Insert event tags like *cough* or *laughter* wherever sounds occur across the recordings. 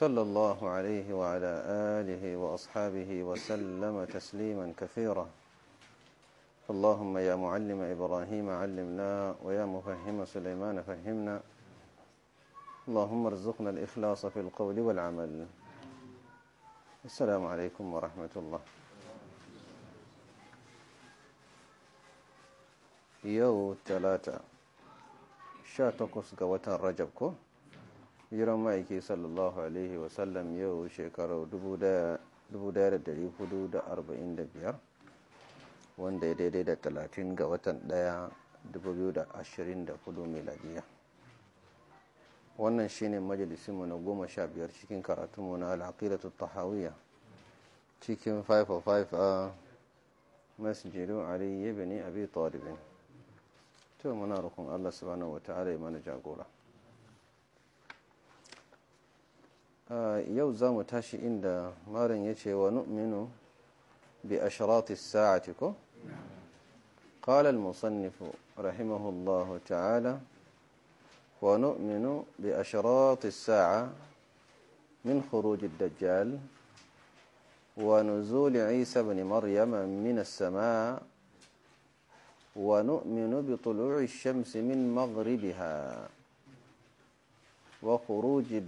صلى الله عليه وعلى آله وأصحابه وسلم تسليما كثيرا اللهم يا معلم إبراهيم علمنا ويا مفهم سليمان فهمنا اللهم ارزقنا الإخلاص في القول والعمل السلام عليكم ورحمة الله يو ثلاثة شاتوكوس قوة رجبكو hiran ma'aiki sallallahu alaihi wasallam yau shekaru 1445 wanda ya daidai da 30 ga watan 1 2024 meladiya wannan shine majalisinmu na goma sha biyar cikin karatunmu na al'aqidatu tahawiyya cikin 505 a masjidin ali ibn abi talibin to muna rukun Allah subhanahu wataala ya mana jagora yau za mu tashi inda marin ya ce wa nu'minu bi sa'ati ko? قال المصنف رحمه الله تعالى ونؤمن بأشراط الساعة من خروج الدجال ونزول عيسى بن مريم من السماء ونؤمن بطلوع الشمس من مغربها wa khuruji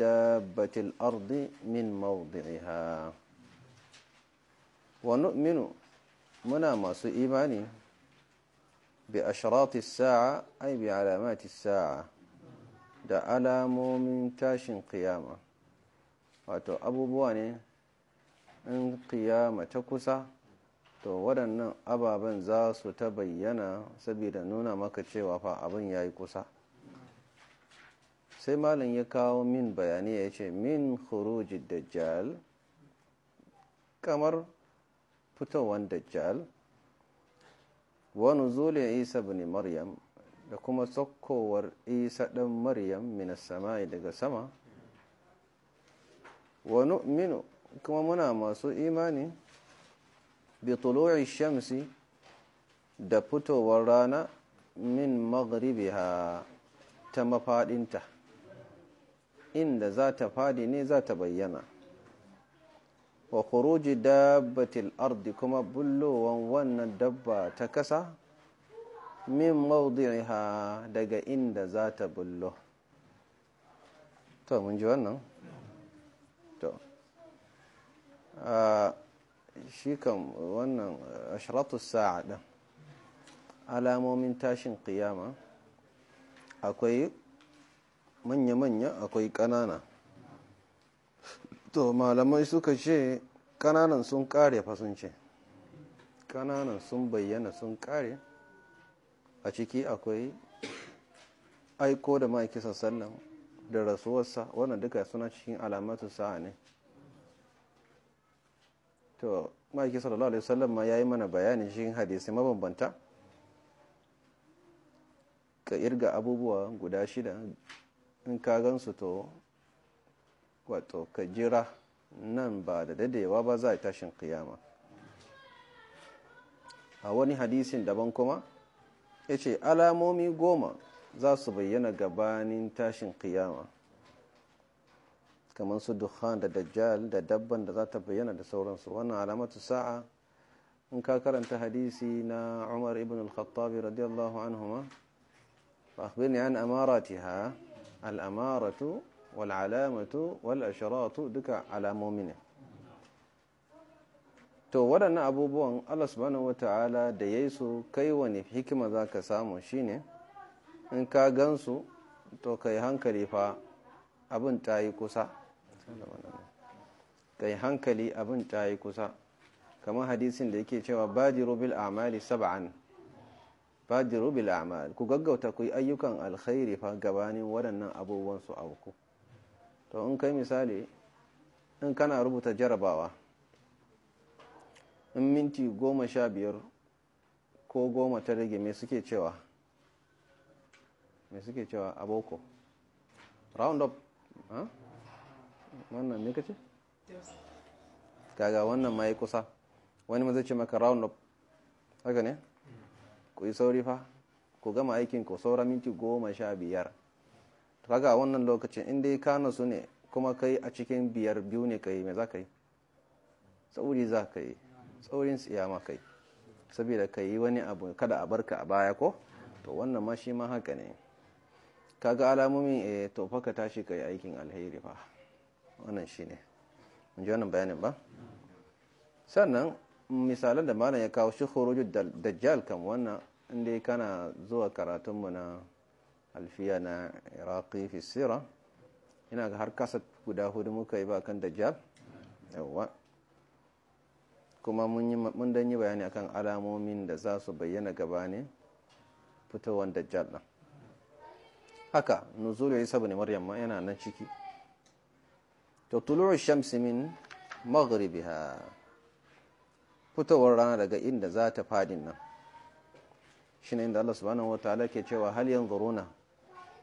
batil ardi min mawdi'iha wa nu'minu muna masu imani bi ashrati sa'a ay bi alamati sa'a da alamomin tashin kiyama wato abubuwa ne in kiyama ta kusa to waɗannan ababen za su ta bayyana saboda nuna maka cewa fa abin ya yi kusa sai malam ya kawo min bayani ya ce min khuruji dajjal kamar fitowar dajjal wani zule isa bane maryam da kuma tsakowar isa ɗan maryam mina sama'i daga sama wani minu kuma muna masu imani bi shamsi da fitowar rana min ha ta mafaɗinta inda za ta fadi ne za ta bayyana wa khuruji dabbatil ardi kuma bullowan wannan dabba ta kasa min mawdi'iha daga inda za ta bullo to mun ji wannan to shi kan wannan ashratus sa'ada alamomin tashin qiyama akwai manya-manya akwai ƙanana to malamai suka ce ƙananan sun ƙare fasunce kananan ƙananan sun bayyana sun ƙare a ciki akwai aiko da ma'aikisar sannan da rasuwarsa wanda duka suna cikin alamatun sa'a ne to ma'aikin da alaihi sallan ma yi mana bayani cikin hadisi mabambanta ka irga abubuwa guda shida in ka gansu to wato ka jira nan ba da dadewa ba za a tashin kiyama a wani hadisin daban kuma ya ce alamomi goma za su bayyana gabanin tashin kiyama kamar su dukkan da dajjal da dabban da za ta bayyana da sauransu wannan alamatu sa'a in ka karanta hadisi na umar ibn al-khattabi radiyallahu anhu ma fa akhbirni an amaratiha al'amaratu wal'alamatu wal'asharatu duka alamomi ne to waɗannan abubuwan allah subhanahu wa ta'ala da ya yi su kai wani hikima za ka samu shi ne in ka gansu to ka hankali fa abin ta yi kusa ka hankali abin ta yi kusa kamar hadisin da yake cewa bajiru bil amali saba'an. fajiru bil a'mal ku gaggauta ku yi ayyukan alkhairi fa gabanin waɗannan abubuwan su auku to in kai misali in kana rubuta jarabawa in minti goma sha biyar ko goma ta rage mai suke cewa mai suke cewa aboko round up ha wannan ne kace kaga wannan ma yi kusa wani ma zai ce maka round up haka ne ku yi sauri fa ku gama aikin ku saura minti goma sha biyar to kaga wannan lokacin inda ya ka nasu ne kuma kai a cikin biyar biyu ne kai me za ka yi tsauri za ka yi tsaurin ma kai saboda ka yi wani abu kada a barka a baya ko to wannan ma shi ma haka ne kaga alamomin eh to fa ka tashi yi aikin alheri fa wannan shi ne, mun ji wannan bayanin ba sannan misalan da malam ya kawo shi khurujud dajjal kam wannan inda kana zuwa karatunmu na alfiya na iraqi fi sira ina ga har kasa guda hudu muka yi bakan dajjal yawa kuma mun dan yi bayani akan alamomin da za su bayyana ne fitowar dajjal na. haka nuzulu ya sabu ne maryam ma yana nan ciki to tulu'u shamsi min maghribiha fitowar rana daga inda za ta fadin nan ne inda Allah subhanahu ala ke cewa hal zuruna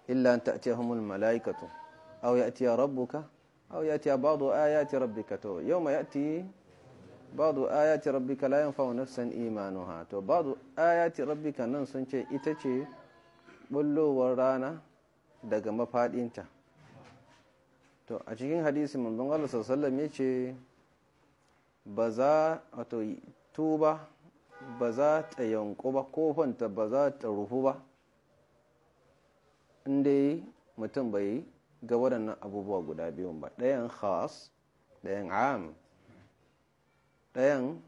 illa an ta'tiyahumul malaikatu aw ya rabbuka aw ya'tiya ba'du ayati rabbika to yawma ya'ti ba'du ka rabbika la yanfa'u nafsan ha to ba'du ayati ka nan sun ce ita ce bullowar rana daga mafaɗinta. to a cikin hadisi manzon Allah sallallahu ya ce ba za a to tuba ba za ta yanku ba kofanta ba za ta rufu ba inda yi mutum bai ga waɗannan abubuwa guda biyun ba ɗayan khas ɗayan am ɗayan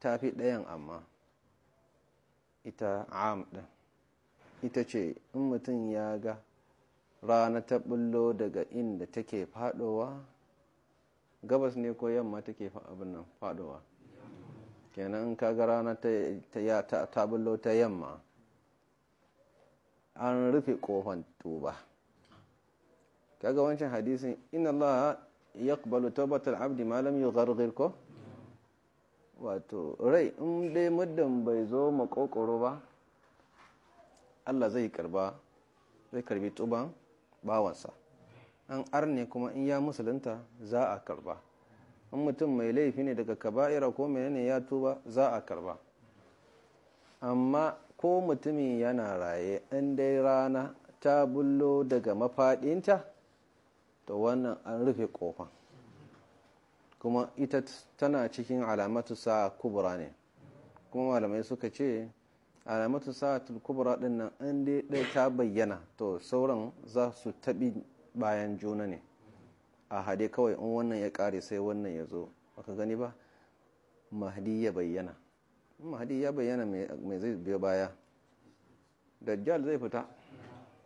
tafi ɗayan amma ita am ɗin ita ce in mutum ya ga rana ta bullo daga inda take faɗowa gabas ne ko yamma take abin nan faɗowa kenan in kaga rana ta bullo ta yamma an rufe kofan tuba kaga wancan hadisin ina Allah ya kubalu taubatar abdi malam yi gargir ko wato rai in dai muddin bai zo makokoro ba Allah zai karba zai karbi tuban bawansa an arne kuma in ya musulunta za a karba in mutum mai laifi ne daga kaba'ira ko menene ya tuba za a karba amma ko mutumin yana raye in dai rana ta bullo daga mafaɗinta to wannan an rufe ƙofan kuma ita tana cikin alamatu sa kubura ne kuma malamai suka ce alamatu sa'atul kubra ɗin nan an dai ta bayyana to sauran za su taɓi bayan juna ne a hade kawai in wannan ya kare sai wannan ya zo baka gani ba mahdi ya bayyana mahdi ya bayyana mai zai biyo baya dajjal zai fita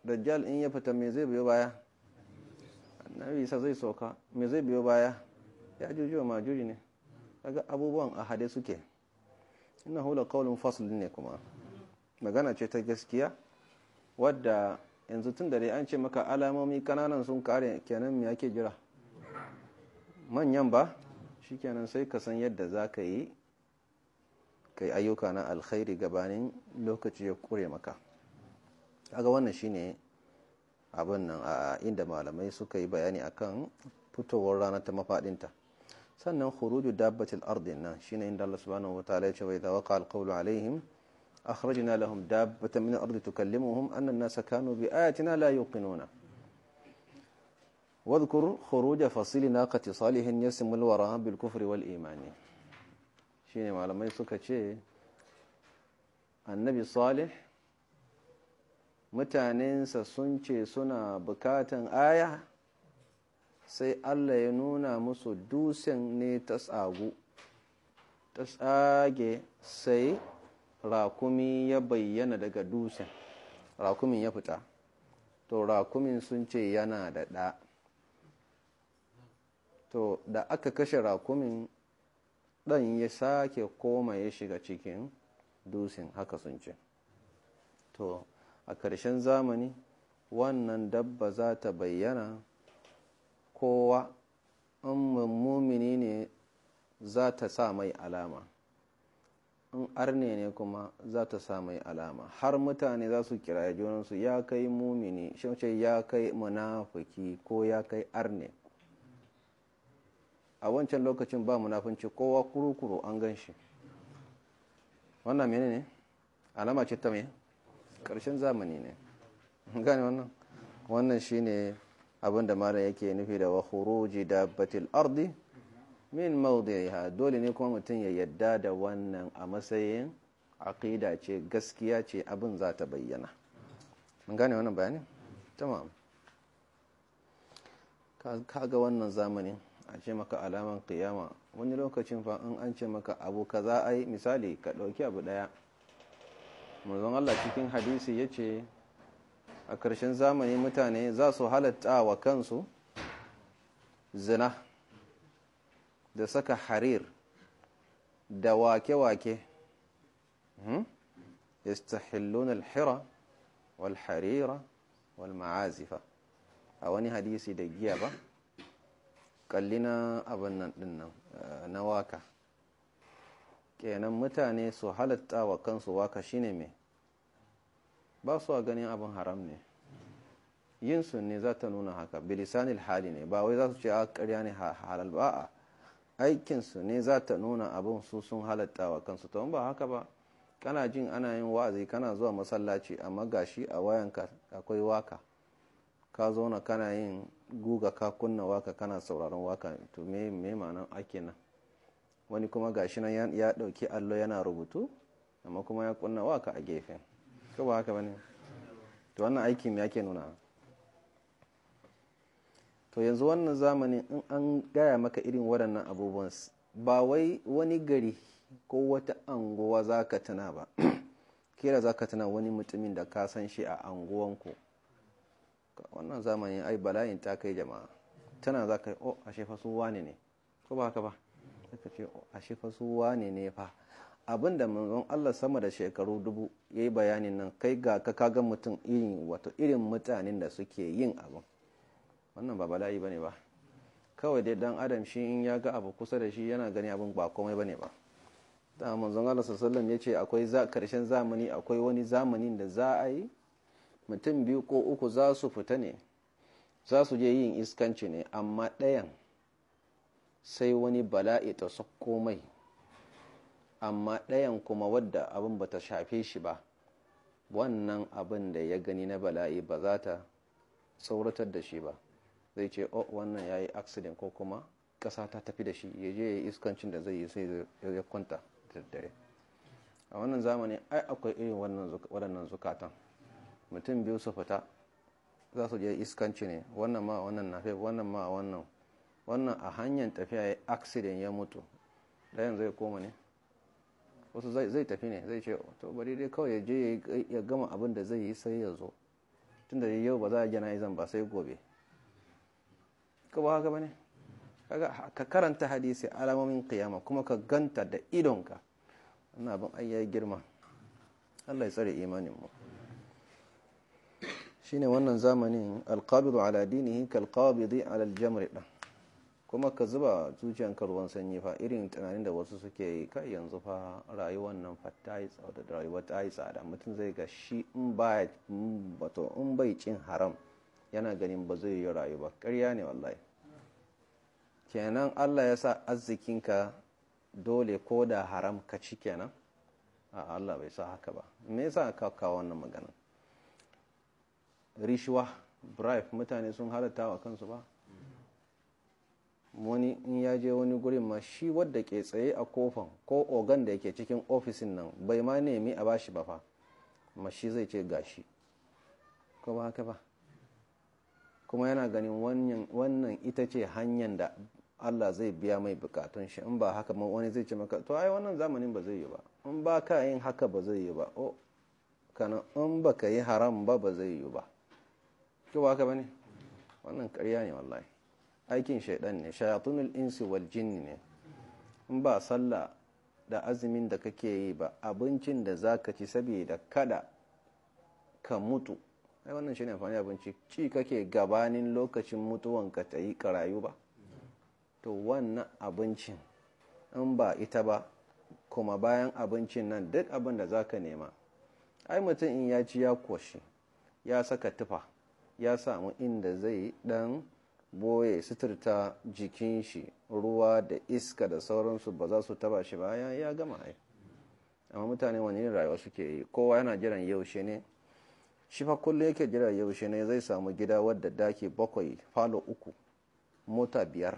dajjal in ya fita mai zai biyo baya annabi isa zai sauka mai zai biyo baya ya juju wa majuji ne daga abubuwan a hade suke ina hula kaulin fasil ne kuma magana ce ta gaskiya wadda yanzu tun da dai an ce maka alamomi kananan sun kare kenan me yake jira manyan ba shikenan sai ka san yadda za ka yi kai ayyuka na alkhairi gabanin lokaci ya kure maka kaga wannan shi ne abin nan a inda malamai suka yi bayani a kan fitowar rana ta mafaɗinta sannan khuruju dabbatil ardin nan shine inda Allah subhanahu wataala ya ce wa idza waqa alqawlu alaihim akhrajna lahum dabbatan min ardi tukallimuhum anna an-nasa kanu bi ayatina la yuqinuna wadhkur khuruj fasili naqati salihin yasmul wara bil kufri wal imani shine malamai suka ce annabi salih mutanensa sun ce suna bukatan aya sai Allah ya nuna musu dusen ne ta tsagu ta tsage sai rakumi ya bayyana daga dusen rakumin ya fita to rakumin sun ce yana da ɗa to da aka kashe rakumin ɗan ya sake koma ya shiga cikin dusin haka sun ce to a ƙarshen zamani wannan dabba za ta bayyana kowa in mummumini ne za ta sa mai alama in arne ne kuma za ta sa mai alama har mutane za su kira junansu ya kai mummini shi ya kai munafuki ko ya kai arne a wancan lokacin ba munafunci kowa kurukuru an gan shi wannan mene ne alama ce ta mai ƙarshen zamani ne gani wannan wannan shi ne abinda mara yake nufi da wahuruji da batil ardi min ya dole ne kuma mutum ya yadda da wannan a matsayin aƙida ce gaskiya ce abin za ta bayyana mun gane wannan bayanin tamam ga wannan zamanin a ce maka alaman kiyama wani lokacin fa in an ce maka abu kaza yi misali ka ɗauki abu ɗaya manzon Allah cikin hadisi ya ce a ƙarshen zamani mutane za su halatta wa kansu zina da saka harir da wake-wake hmm? yastahillun alhira wal harira wal ma'azifa a wani hadisi da giya ba kalli na abin nan din nan eh, na waka kenan mutane su halatta wa kansu waka shine mai ba su ganin abin haram ne yin su ne za ta nuna haka bilisanil hali ne ba wai za su ce a ah, karya ne halal ba a aikinsu ne za ta nuna abin su sun halatta wa kansu ta ba haka ba kana jin ana yin wa'azi kana zuwa masallaci amma gashi a wayanka akwai waka ka zauna kana yin guga ka kunna waka kana sauraron waka to me me ma'anan ake nan wani kuma gashi nan ya dauki allo yana rubutu amma kuma ya kunna waka a gefe ko ba haka bane to wannan aikin me yake nuna to yanzu wannan zamanin in an gaya maka irin waɗannan abubuwan ba wai wani gari ko wata anguwa za ka tuna ba *clears throat* kira za ka tuna wani mutumin da ka san shi a anguwanku wannan zamanin ai bala'in ta kai jama'a tana za ka o oh, ashe shefa su wane ne ko ba haka ba ka ce o oh, ashe fa su wane ne fa Abinda da manzon Allah sama da shekaru dubu yayi bayanin nan kai ga ka kaga mutum irin wato irin mutanen da suke yin abu? wannan ba bala'i bane ba kawai dai dan adam shi in ya ga abu kusa da shi yana gani abin ba komai bane ba da manzon Allah sallallahu alaihi wasallam yace akwai za karshen zamani akwai wani zamanin da za a yi mutum biyu ko uku za su fita ne za su je yin iskanci ne amma ɗayan sai wani bala'i ta sakko mai amma ɗayan kuma wadda abin ba ta shafe shi ba wannan abin da ya gani na bala'i ba za ta tsoratar da shi ba zai ce o oh, wannan ya yi aksidin ko kuma ƙasa ta tafi da shi ya je ya yi iskancin da zai yi sai ya kwanta da daddare a wannan zamani ai akwai irin waɗannan zukatan mutum biyu su fita za su je iskanci ne wannan ma wannan nafe wannan ma wannan wannan a hanyar tafiya ya accident ya mutu ɗayan zai koma ne wasu zai tafi ne zai ce to bari dai kawai ya je ya gama abin da zai yi sai ya zo tun da yau ba za a gina izan ba sai gobe ka ba haka ba ne ka karanta hadisi alamomin kiyama kuma ka ganta da idonka wannan abin ayyar girma Allah ya tsare imanin mu shine wannan zamanin alqabidu ala dinihi kalqabidi ala aljamri ɗan kuma ka zuba zuciyanka ruwan sanyi fa irin tunanin da wasu suke yi kai yanzu fa rayuwar nan fa ta yi tsada rayuwa ta yi tsada mutum zai ga shi in ba wato in bai cin haram yana ganin ba zai yi rayu ba Karya ne wallahi kenan Allah ya sa arzikinka dole ko da haram ka ci kenan a Allah bai sa haka ba me yasa ka kawo wannan maganar rishuwa bribe mutane sun halatta wa kansu ba wani in ya je wani gurin ma shi wadda ke tsaye a kofan ko ogan da yake cikin ofisin nan bai ma nemi a bashi ba fa ma shi zai ce gashi ko ba haka ba kuma yana ganin wannan ita ce hanyar da Allah zai biya mai bukatun shi in ba haka ma wani zai ce maka to ai wannan zamanin ba zai yi ba in ba ka yin haka ba zai yi ba o oh, kana in ba ka yi haram ba ba zai yi ba ko ba bane wannan ƙarya ne wallahi aikin shaidan ne shayatunul insi wal jinni ne in ba sallah da azumin da kake yi ba abincin da zaka ci saboda kada ka mutu ai wannan shine amfani abinci ci kake gabanin lokacin mutuwan ta yi karayu ba to wannan abincin in ba ita ba kuma bayan abincin nan duk abin da zaka nema ai mutum in ya ci ya koshi ya saka tufa ya samu inda zai dan boye suturta jikin shi ruwa da iska da sauransu ba za su taba shi ba ya gama ai amma mutane wani ne rayuwa suke yi kowa yana jiran yaushe ne shi fa kullum yake jiran yaushe ne zai samu gida wadda daki bakwai falo uku mota biyar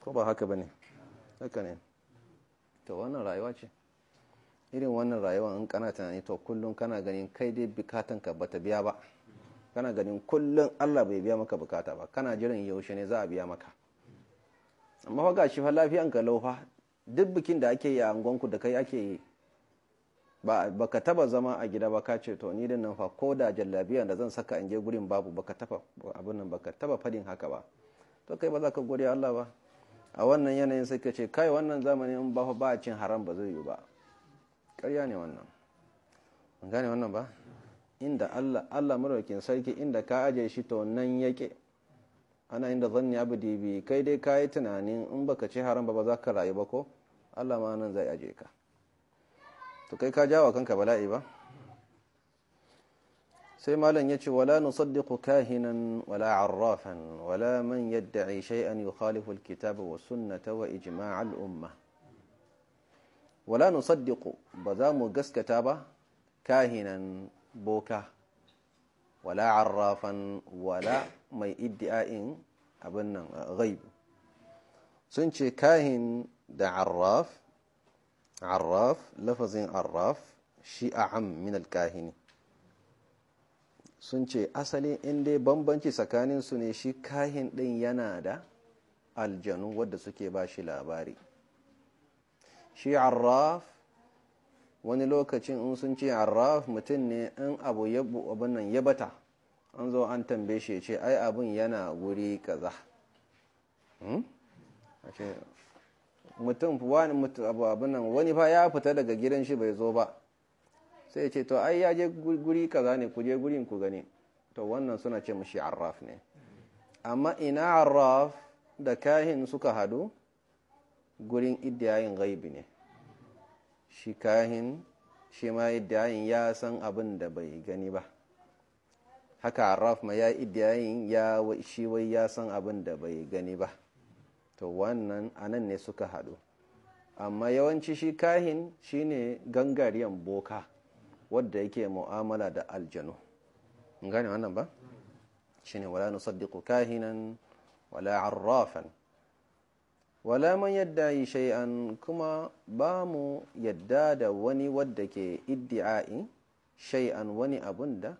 ko ba haka ba ne haka ne to wannan rayuwa ce irin wannan rayuwa in kana tunani to kullum kana ganin kai dai bukatan ba bata biya ba kana ganin kullum Allah bai biya maka bukata ba kana jiran yaushe ne za a biya maka amma fa gashi fa lafiyan ka laufa duk bikin da ake yi a angonku da kai ake yi ba ka taba zama a gida ba ka ce to ni din nan fa ko da jallabiya da zan saka in je gurin babu baka taba abin nan baka taba fadin haka ba to kai ba za ka gode Allah ba a wannan yanayin sai ka ce kai wannan zamani in ba ba cin haram ba zai yi ba ƙarya ne wannan an gane wannan ba inda Allah Allah maraukin sarki inda ka aje shi to nan yake ana inda zanni abdi bi kai dai yi tunanin in baka ci haram ba ba za ka rayu ba ko Allah ma nan zai aje ka to kai ka jawa kanka bala'i ba sai malam yace wala nusaddiqu kahinan wala arrafan wala man yad'i shay'an yukhalifu alkitaba wa sunnata wa ijma' al umma wala nusaddiqu ba za mu gaskata ba kahinan boka wala arrafan wala mai iddi'a'in abin nan ghaibu sun ce kahin da arraf arraf lafazin arraf shi aham min alkahini sun ce asali inda bambanci tsakanin su ne shi kahin din yana da aljanu wadda suke ba shi labari shi arraf wani lokacin in sun ce arraf mutum ne in abu ya abin nan ya bata an zo an tambaye shi ce ai abin yana guri kaza hmm? mutum wani abin nan wani fa ya fita daga gidan shi bai zo ba sai ce to ai ya je guri kaza ne ku je gurin ku gani to wannan suna ce mashi arraf ne amma ina arraf da kahin suka hadu gurin idiyayin gaibi ne shi kahin shi ma yi ya san abin da bai gani ba haka araf ma ya yi ya shi wai ya san abin da bai gani ba to wannan anan ne suka haɗu amma yawanci shi kahin shine gangariyan boka wadda yake mu'amala da aljanu gani wannan ba ne wala nusaddiqu kahinan wala arrafan wala man yadda yi shay'an kuma ba mu yadda da wani wadda ke iddi’ain shay'an wani abun da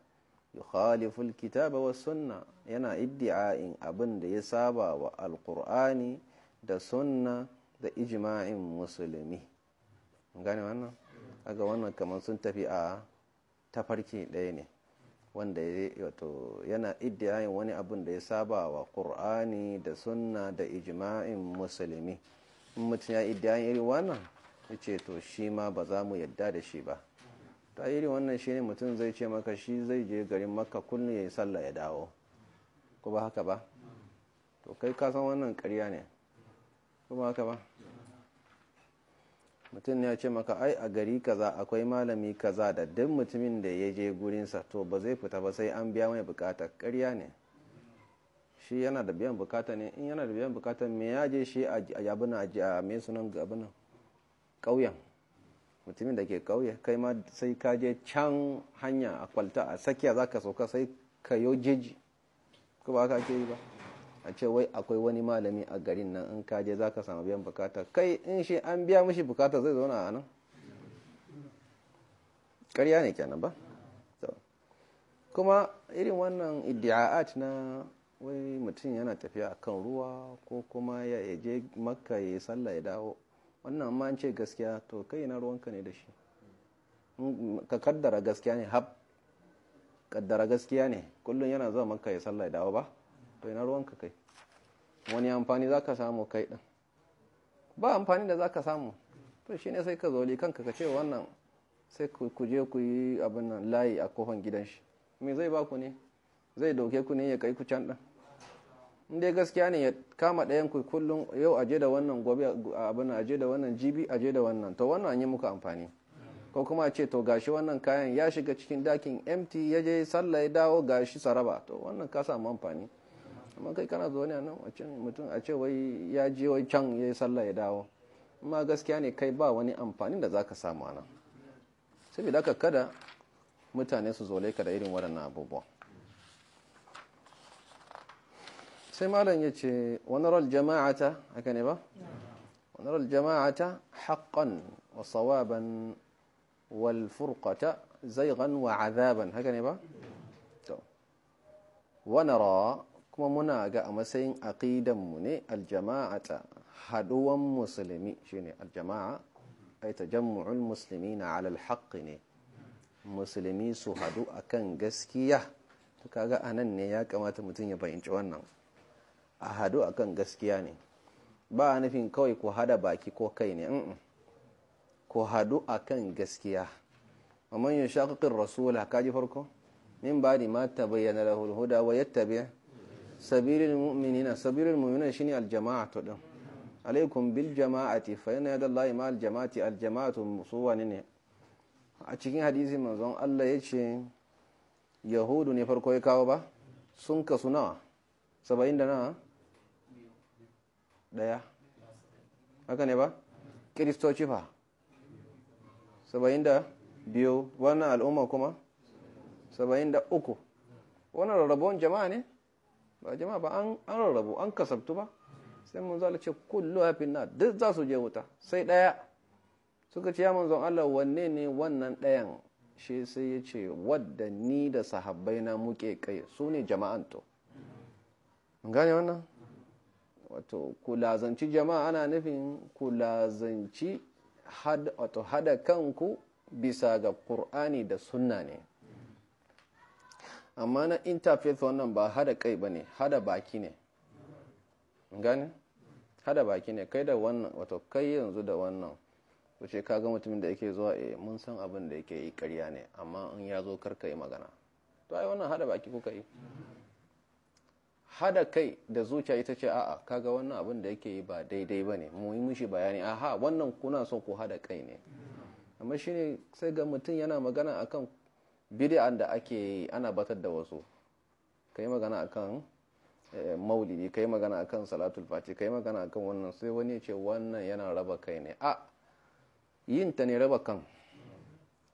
yukhaliful kitaba wa sunna yana iddi'a'in abin da ya saba wa alqur'ani da sunna da ijima’in musulmi gane wannan aga wannan kamar sun tafi a tafarki ɗaya ne wanda wato yana iddiyayin wani abun da ya saba wa ƙur'ani da sunna da ijima'in musulmi in mutum ya iddiyayin iri wannan ya ce to shi ma ba za mu yadda da shi ba ta iri wannan shi ne mutum zai ce maka shi zai je garin makka kullum ya yi sallah ya dawo ko ba haka ba to kai kasan wannan karya ne ko ba haka ba mutum ya ce maka ai a gari kaza akwai malami kaza da duk mutumin da ya je gurinsa to ba zai fita ba sai an biya mai bukata karya ne shi yana da biyan bukata ne in yana da biyan bukata me ya je shi a yabina a me sunan abin ƙauyen mutumin da ke kauye kai ma sai ka je can hanya a kwalta a sakiya zaka sauka sai ka yau jeji ko ba ka ke yi ba a ce wai akwai wani malami a garin nan in kaje za ka samu biyan bukata kai in shi an biya mishi bukata zai zauna a nan karya ne kenan ba kuma irin wannan idda'at na wai mutum yana tafiya akan ruwa ko kuma ya je makka ya sallah ya dawo wannan ma ce gaskiya to kai na ruwanka ne da shi ka kaddara gaskiya ne hab kaddara gaskiya ne kullum yana zuwa makka ya sallah ya dawo ba to ina ruwanka kai wani amfani za ka samu kai ɗin ba amfani da za ka samu to shi ne sai ka zoli kanka ka ce wannan sai ku je ku yi abin nan layi a kofan gidan shi me zai ba ku ne zai dauke ku ne ya kai ku can ɗan inda gaskiya ne ya kama ɗayan ku kullum yau aje da wannan gobe abin aje da wannan jibi aje da wannan to wannan an yi muka amfani ko kuma ce to gashi wannan kayan ya shiga cikin dakin mt ya je sallah ya dawo gashi saraba to wannan ka samu amfani amma kai kana zo a nan mutum a ce wai ya je wai can ya yi sallah ya dawo amma gaskiya ne kai ba wani amfani da zaka samu a nan saboda haka kada mutane su zole ka da irin waɗannan abubuwa sai malam ya ce wani jama'a ta haka ne ba? wani jama'a ta haƙƙan wa sawaban wal zai zaigan wa azaban haka ne ba? ونرى kuma muna ga a matsayin aqidanmu ne ta haduwan musulmi shine aljama'a ay tajammu'ul muslimina 'ala alhaq ne musulmi su hadu akan gaskiya to kaga anan ne ya kamata mutum ya fahimci wannan a hadu akan gaskiya ne ba nufin kawai ku hada baki ko kai ne ku hadu akan gaskiya amma yin shaqiqir rasula kaji farko min ba ma tabayyana lahul huda wa yattabi' sabirin mu'minina sabirin mu'minina shine aljama'atu din alaikum bil jama'ati fa yana yada Allah ma aljama'a aljama'atu su wani ne a cikin hadisi manzon Allah ya ce yahudu ne farko ya kawo ba sun kasu nawa saba'in da nawa daya haka ne ba kiristoci fa saba'in da biyu wannan al'umma kuma saba'in da uku wannan rarrabuwan jama'a ne ba jama'a ba an rarrabu an kasabtu ba sai manzo Allah ce kullu hafin na duk za su je wuta sai daya suka ce ya manzon Allah wanne ne wannan dayan shi sai ya ce wadda ni da sahabbai na muke kai su ne jama'an to gane wannan wato kulazanci jama'a ana nufin kulazanci wato hada kanku bisa ga Kur'ani da sunna ne amma na interfaith wannan ba hada kai ba ne hada baki ne gani hada baki ne kai da wannan wato kai yanzu da wannan wuce ka mutumin da yake zuwa eh mun san abin da yake yi karya ne amma in ya zo karka yi magana to ai wannan hada baki kuka yi hada kai da zuciya ita ce a'a kaga wannan abin da yake yi ba daidai ba ne mu yi mishi bayani aha wannan kuna son ku hada kai ne amma shine sai ga mutum yana magana akan bid'an da ake ana batar da wasu kai magana akan eh, maulidi kai magana akan salatul fati kai magana akan wannan sai wani ya ce wannan yana raba kai ne a yin ta ne raba kan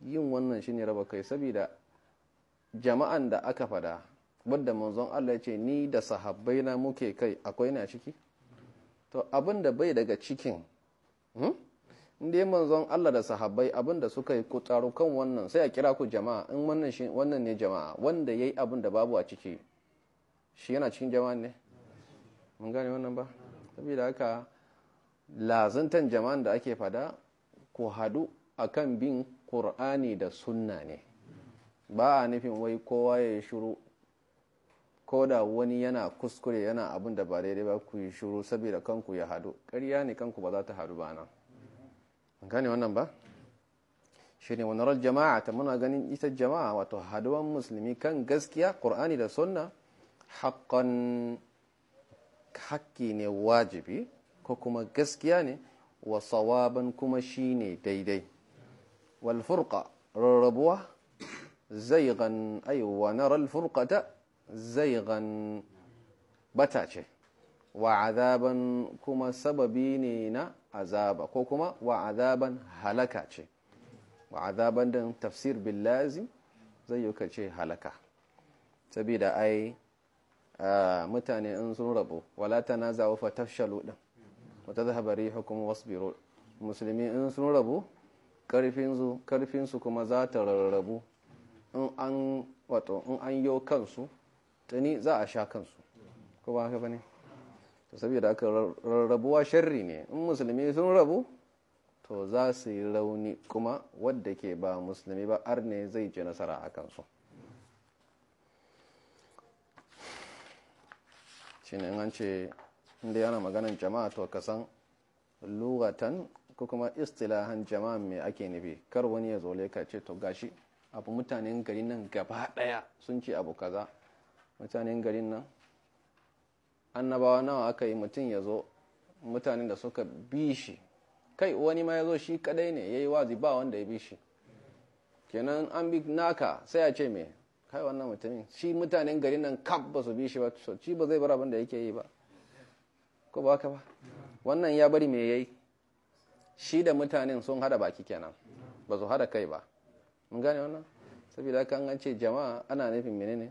yin wannan shi ne raba kai saboda jama'an da aka fada wadda manzon Allah ya ce ni da sahabbai na muke kai akwai na ciki to abin da bai daga cikin hmm? inda manzon Allah da sahabbai abin suka yi kutaro kan wannan sai a kira ku jama'a in wannan ne jama'a wanda yayi abin da babu a ciki shi yana cikin jama'a ne mun gane wannan ba saboda haka lazantan jama'an da ake fada ku hadu akan bin Qur'ani da sunna ne ba a nufin wai kowa ya shiru ko da wani yana kuskure yana abin da ba daidai ba ku yi shiru saboda kanku ya hadu ƙarya ne kanku ba za ta hadu ba nan gane wannan ba shi ne wani jama'a ta muna ganin ita jama'a wato haduwan musulmi kan gaskiya ƙur'ani da sunna haƙƙon haƙƙi ne wajibi ko kuma gaskiya ne wa tsawaban kuma shi ne daidai walfurka rarrabuwa zai gan aiwa na ralfurƙata zai gan bata ce wa azaban kuma sababi ne na azaba ko kuma wa azaban halaka ce wa azaban din tafsir billazi zai yuka ce halaka saboda ai mutane in sun rabu wala tanazawu fatafshalu din zahabari hukumar rihukum wasbiru musulmi in sun rabu karfin su kuma za ta rarrabu in an wato in an yo kansu tani za a sha kansu ko ba haka bane to saboda aka rarrabuwa sharri ne in musulmi sun rabu to za su yi rauni kuma wadda ke ba musulmi ba ne zai ji nasara a kansu shi ne an ce inda yana maganin jama'a to kasan lugatan ko kuma istilahan jama'a mai ake nufi kar wani ya zole ka ce to gashi abu mutanen garin nan gaba daya sun ce abu kaza mutanen garin nan annabawa nawa aka yi mutum ya zo mutanen da suka bi shi kai wani ma ya zo shi kadai ne ya yi wazi ba wanda ya bi shi kenan an bi naka sai a ce mai kai wannan mutumin shi mutanen gari nan kaf ba su bi shi ba ci ba zai bar abin da yake yi ba ko ba ka ba wannan ya bari mai yayi shi da mutanen sun hada baki kenan ba su hada kai ba mun gane wannan saboda kan an ce jama'a ana nufin menene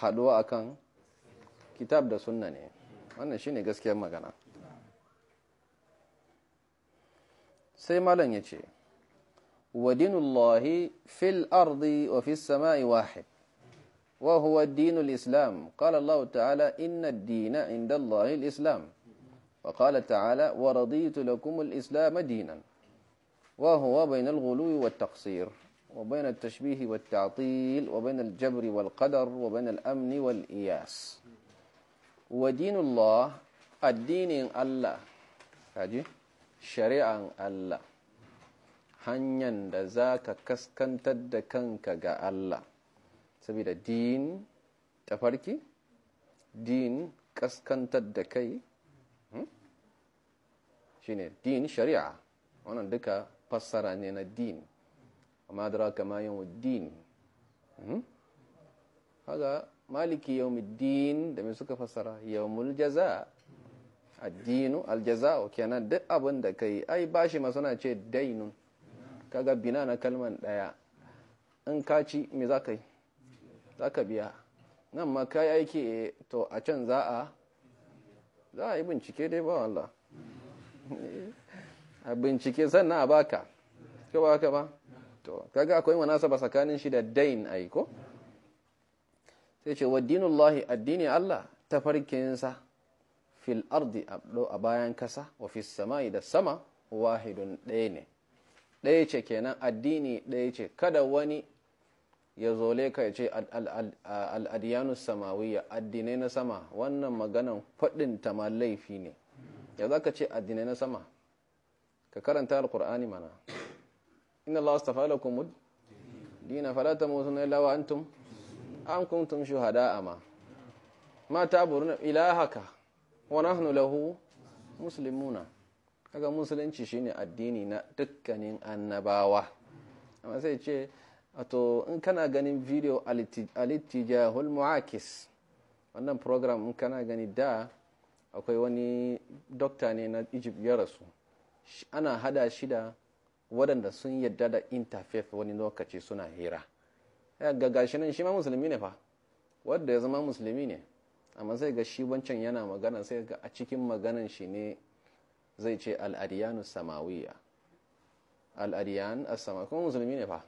haduwa akan kitab da سنة ne wannan shine gaskiyar magana sai malam ya ce ودين الله في الأرض وفي السماء واحد وهو الدين الإسلام قال الله تعالى إن الدين عند الله الإسلام وقال تعالى ورضيت لكم الإسلام دينا وهو بين الغلو والتقصير وبين التشبيه والتعطيل وبين الجبر والقدر وبين الأمن والإياس wa dinullah addinin Allah kaji shari'an Allah hanyar da za ka kaskantar da kanka ga Allah saboda din tafarki din kaskantar da kai hmm? shi ne din shari'a wannan duka fassara ne na din amma da raka mayan din haga hmm? maliki yawmiddin da mai suka fasara yawmul jaza addinu aljaza kenan duk abin da kai ai bashi ma suna ce dainun kaga bina na kalman daya in ka ci me za ka yi za ka biya nan ma ka yi aiki eh, to a can za a za a yi bincike dai ba wallah *laughs* a bincike sannan a baka ka ba ka ba to kaga akwai manasa ba tsakanin shi da dain aiko sai ce wa dinullahi addini Allah tafarkinsa fil ardi abdo a bayan kasa wa fi sama'i da sama wahidun ɗaya ne ɗaya ce kenan addini ɗaya ce kada wani ya zole ka ya ce al'adiyanu samawiya addinai na sama wannan maganan faɗin ta ma laifi ne ya za ka ce addinai na sama ka karanta alkur'ani mana inna Allah astafa lakum dina ta tamutunna illa lawa antum am kuntum shuhada'a ma ma taburuna ilahaka wa nahnu lahu muslimuna kaga musulunci shine addini na dukkanin annabawa amma sai ce to in kana ganin video alittijahul mu'akis wannan program in kana gani da akwai wani dokta ne na egypt ya rasu ana hada shida waɗanda sun yadda da interfaith wani lokaci suna hira ga gashi nan shi ma musulmi ne fa wanda ya zama musulmi ne amma zai ga shi wancan yana magana sai ga a cikin maganan shi ne zai ce al'adiyanu samawiya al'adiyan as-sama kuma musulmi ne fa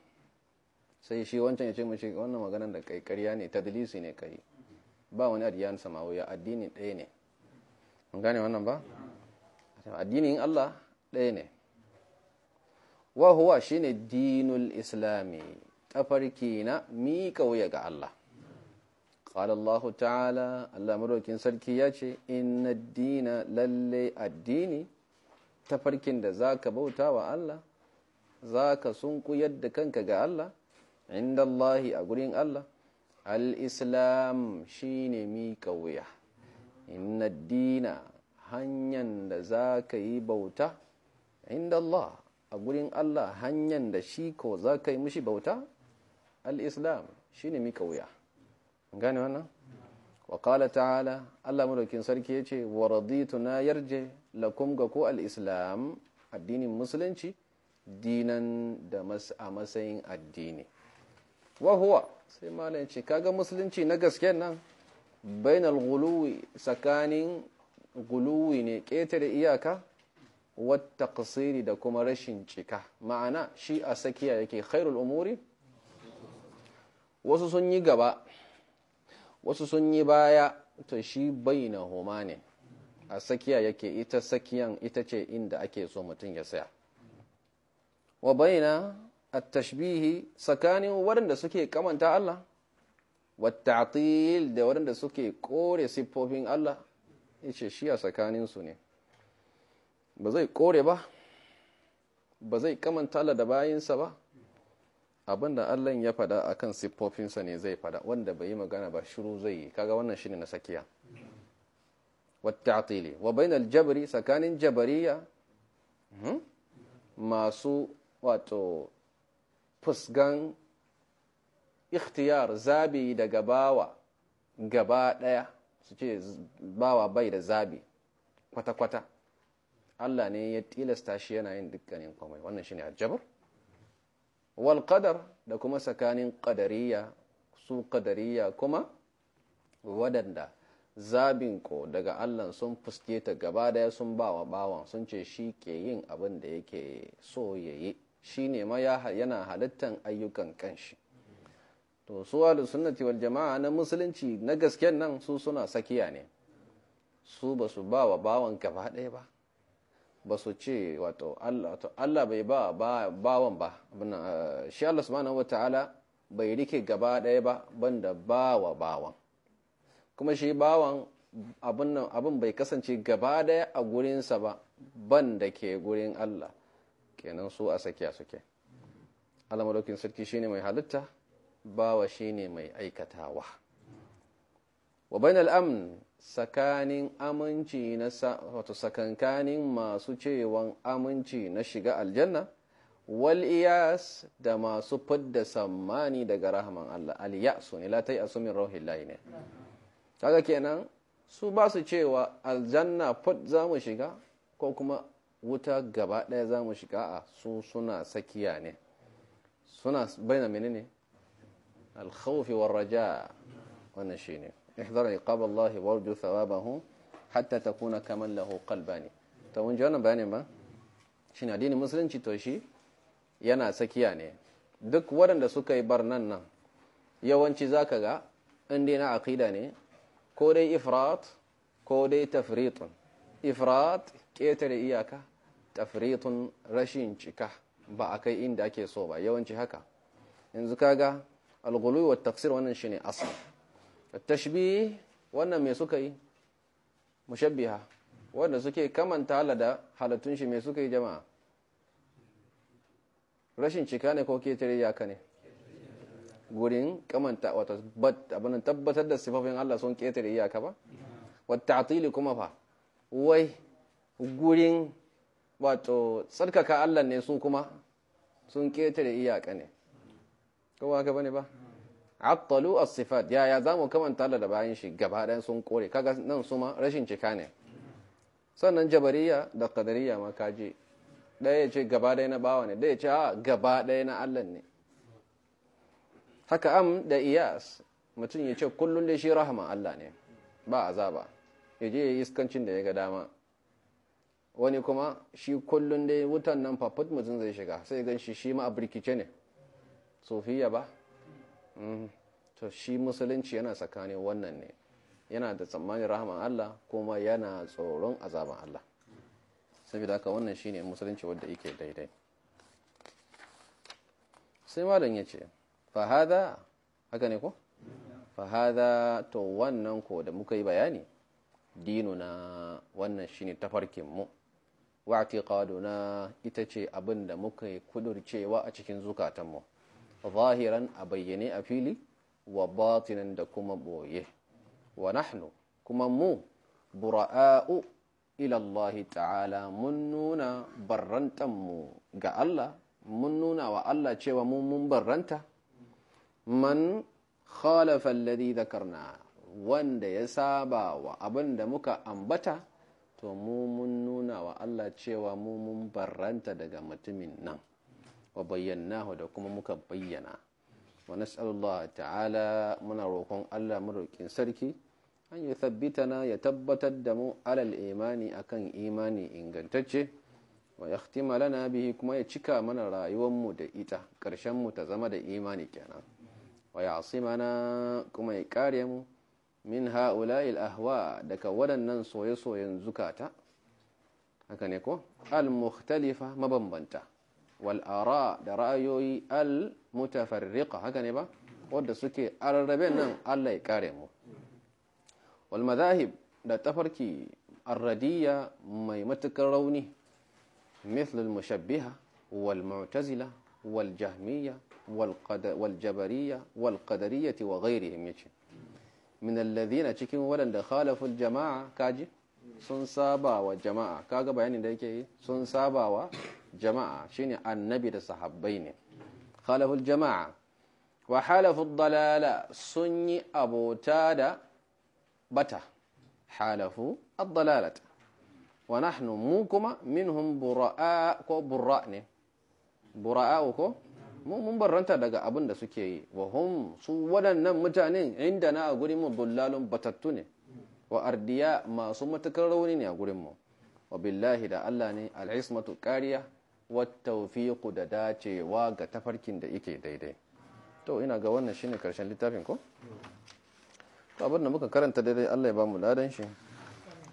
sai shi wancan ya ce mace wannan maganan da kai karya ne tadlisi ne kai ba wani adiyan samawiya addini ɗaya ne mun gane wannan ba addinin Allah ɗaya ne wa huwa shine dinul islami tafarki na miƙa wuya ga Allah qala Allah ta'ala Allah marokin sarki ya ce inna dina lalle addini tafarkin da zaka bauta wa Allah zaka sunkuyar da kanka ga Allah inda Allah a gurin Allah al'islam shi shine miƙa wuya inna dina hanyar da za ka yi bauta inda Allah a gurin Allah hanyar da shi ko za ka yi mishi bauta Al'islam shi ne mika wuya Wakala wannan wa kala ta'ala Allah madaukin sarki ya ce wa raditu na yarje lakum ga ko Al'islam addinin musulunci dinan da a matsayin addini wa sai malam ce kaga musulunci na gaske nan bainal guluwi tsakanin guluwi ne ƙetare iyaka wata da kuma rashin cika ma'ana shi a tsakiya yake khairul umuri wasu sun yi gaba wasu sun yi baya to shi bayyana homa ne a tsakiya yake ita tsakiyan ita ce inda ake so mutum ya saya wa bayyana a tashbihi tsakanin waɗanda suke kamanta Allah watta'atil da waɗanda suke kore siffofin Allah yace shi a tsakaninsu ne ba zai kore ba ba zai kamanta Allah da bayansa ba abin da allah ya fada a kan siffofinsa ne zai fada wanda bai yi magana ba shiru zai yi kaga wannan shine na sakiya watta'tili wa bainal jabri tsakanin jabariya hmm, masu wato fusgan ikhtiyar zabi daga bawa gaba daya su ce bawa bai da zabi kwata-kwata Allah ne ya tilasta shi yana yin dukkanin komai wannan shine aljabar wal da kuma tsakanin qadariya su qadariya kuma wadanda zabin ko daga Allah sun fusketa gaba daya sun bawa bawan sun ce shi ke yin abin da yake so yayi ne ma yana halittan ayyukan kanshi to su ahlus sunnati wal jama'a na musulunci na gasken nan su suna tsakiya ne su ba su bawa bawan gaba daya ba ba su ce wato Allah bai ba bawan ba eh, shi Allah subhanahu ta'ala bai rike gaba ɗaya ba banda bawa bawan kuma shi bawan abin bai kasance gaba ɗaya a gurinsa ba banda ke gurin Allah kenan su a sakiya suke Allah Sarki sarki shine mai halitta bawa shine mai aikatawa wa bainal amn tsakanin aminci na wato sakankanin masu cewan aminci na shiga aljanna wal da masu fadda tsammani daga rahaman Allah al yasu ne a sumin min rauhillahi ne kaga kenan su ba su cewa aljanna fad za mu shiga ko kuma wuta gaba ɗaya za mu shiga a su suna tsakiya ne suna baina menene alkhawfi war raja wannan shine ihdar iqab Allah warju thawabahu hatta takuna kaman lahu qalbani to mun ji wannan bayanin ba shin addinin musulunci to shi yana sakiya ne duk waɗanda suka yi barnan nan yawanci zaka ga inda na aqida ne ko dai ifrat ko dai tafritun ifrat ketare iyaka tafritun rashin cika ba a kai inda ake so ba yawanci haka yanzu kaga alghulu wa taqsir wannan shine asali tashbih wannan me suka yi mushabbiha wanda suke kamanta hala da halattun shi me suka yi jama'a rashin cika ne ko ketare ya ne gurin kamanta wata abin tabbatar da sifafin Allah sun ketare iyaka ba wata atili kuma fa wai gurin wato tsarkaka Allah ne su kuma sun ketare iyaka ne kowa ka bane ba attalu as-sifat yaya zamu kamanta da bayan shi gaba ɗayan sun kore kaga nan su ma rashin cika ne sannan jabariya da qadariya ma kaje ɗaya ya ce gaba ɗaya na bawa ne ɗaya ya ce a gaba ɗaya na Allah ne haka am da iyas mutum ya ce kullum da shi rahama Allah ne ba azaba ya je ya yi iskancin da ya ga dama wani kuma shi kullum da wutan nan fafut mutum zai shiga sai gan shi shi ma a birkice ne sofiya ba Mm. to shi musulunci yana tsakanin wannan ne yana da tsammanin rahaman Allah kuma yana tsoron azaban Allah saboda haka wannan shine musulunci wanda yake daidai sai malam ya ce fahada haka ne ko fahada to wannan ko da muka yi bayani na wannan shine tafarkinmu wa atiqaduna ita ce abin da muka yi kudurcewa a cikin zukatanmu zahiran a bayyane a fili wa batinan da kuma boye wa nahnu kuma mu bura'a'u ilallahi ta'ala mun nuna barrantanmu ga Allah mun nuna wa Allah cewa mun mun barranta man khalafa alladhi dhakarna wanda ya saba wa abin da muka ambata to mu mun nuna wa Allah cewa mu mun barranta daga mutumin nan wa bayyanahu da kuma muka bayyana wa nas'alullah ta'ala muna rokon Allah maroƙin sarki hanyar yi ya tabbatar da mu alal imani akan imani ingantacce wa yahtima lana bihi kuma ya cika mana rayuwar mu da ita karshen mu ta zama da imani kenan wa ya'simana kuma ya kare mu min ha'ula'il ahwa daga waɗannan soye-soyen zukata haka ne al-mukhtalifa mabambanta wal'ara da ra'ayoyi al-mutafarriqa haka ne ba wadda suke arrabe nan Allah ya mu wal mazahib da tafarki arradiyya mai matukar rauni mithlul mushabbiha wal mu'tazila wal jahmiyya wal jabariyya wal qadariyya wa ghairihim yace min alladhina cikin waɗanda khalaful jama'a kaji sun saba wa jama'a kaga bayanin da yake sun saba wa jama'a shine annabi da sahabbai ne khalaful jama'a wa halaful dalala sun yi abota da bata halafu ad-dalalata wa nahnu mu kuma minhum bura'a ko burra ne bura'a ko mu mun barranta daga abin da suke yi wa hum su waɗannan mutanen inda na a gurin mu dullalun batattu ne wa ardiya masu matukar rauni ne a gurin mu wa billahi da Allah ne al'ismatu kariya wattaufiku da dacewa ga tafarkin da yake daidai to ina ga wannan shine karshen littafin ko to abin muka karanta daidai Allah ya bamu ladan shi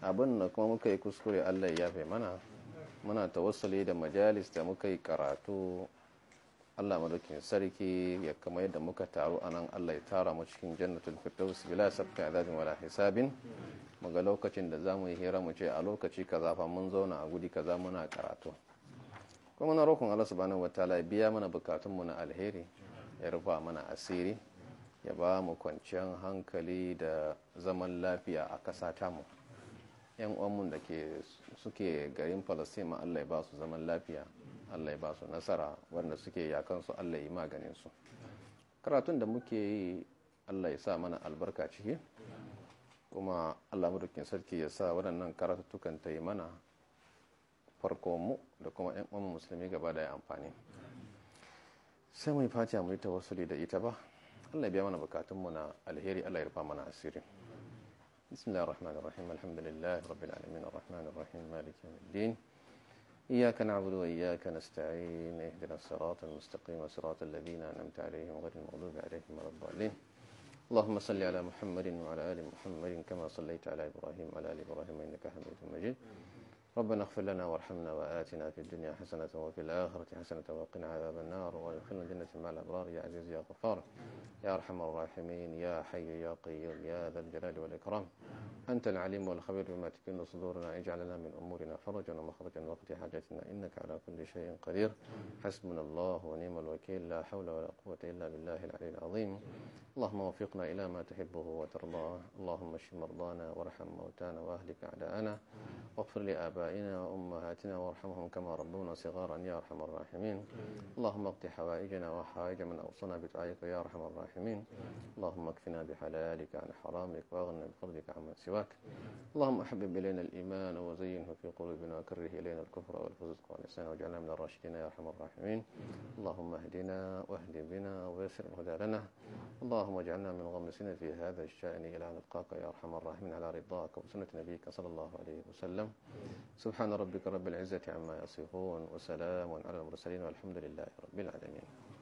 abin da kuma muka yi kuskure Allah ya yafe mana muna tawassuli da majalis da muka yi karatu Allah madaukin sarki ya kama yadda muka taru anan. Allah ya tara mu cikin jannatul firdaus bila sabta azabin wala hisabin muga lokacin da zamu yi hira mu ce a lokaci kaza fa mun zauna a gudi kaza muna karatu kuma na roƙon Allah subhanahu wataala ya biya mana bukatunmu na alheri ya rufa mana asiri ya ba mu kwanciyar hankali da zaman lafiya a ƙasa mu yan uwanmu da ke suke garin falasima Allah ya ba su zaman lafiya Allah ya ba su nasara wanda suke su Allah ya maganin su karatun da muke yi Allah ya sa mana albarka ciki kuma Allah madaukin sarki ya sa waɗannan karatuttukan ta yi mana farkonmu da kuma ‘yan uwan musulmi gaba da amfani sai mu yi fatiya mu yi tawassuli da ita ba Allah biya mana bukatunmu na alheri Allah ya rufa mana asiri بسم الله الرحمن الرحيم الحمد لله رب العالمين الرحمن الرحيم مالك يوم الدين إياك نعبد وإياك نستعين اهدنا الصراط المستقيم صراط الذين أنعمت عليهم غير المغضوب عليهم ولا الضالين اللهم صل على محمد وعلى آل محمد كما صليت على إبراهيم وعلى آل إبراهيم إنك حميد مجيد ربنا اغفر لنا وارحمنا وآتنا في الدنيا حسنة وفي الآخرة حسنة وقنا عذاب النار وادخلنا الجنة مع الأبرار يا عزيز يا غفار يا أرحم الراحمين يا حي يا قيوم يا ذا الجلال والإكرام أنت العليم والخبير بما تكن صدورنا اجعل لنا من أمورنا فرجا ومخرجا وقت حاجتنا إنك على كل شيء قدير حسبنا الله ونعم الوكيل لا حول ولا قوة إلا بالله العلي العظيم اللهم وفقنا إلى ما تحبه وترضاه اللهم اشف مرضانا وارحم موتانا وأهلك أعداءنا واغفر لآبائنا آبائنا وأمهاتنا وارحمهم كما ربونا صغارا يا أرحم الراحمين اللهم اقض حوائجنا وحوائج من أوصنا بدعائك يا أرحم الراحمين اللهم اكفنا بحلالك عن حرامك واغننا بفضلك عمن سواك اللهم أحبب إلينا الإيمان وزينه في قلوبنا وكره إلينا الكفر والفسق والنسيان واجعلنا من الراشدين يا أرحم الراحمين اللهم اهدنا واهد بنا ويسر الهدى لنا اللهم اجعلنا من غمسنا في هذا الشأن إلى أن نلقاك يا أرحم الراحمين على رضاك وسنة نبيك صلى الله عليه وسلم سبحان ربك رب العزة عما يصفون وسلام على المرسلين والحمد لله رب العالمين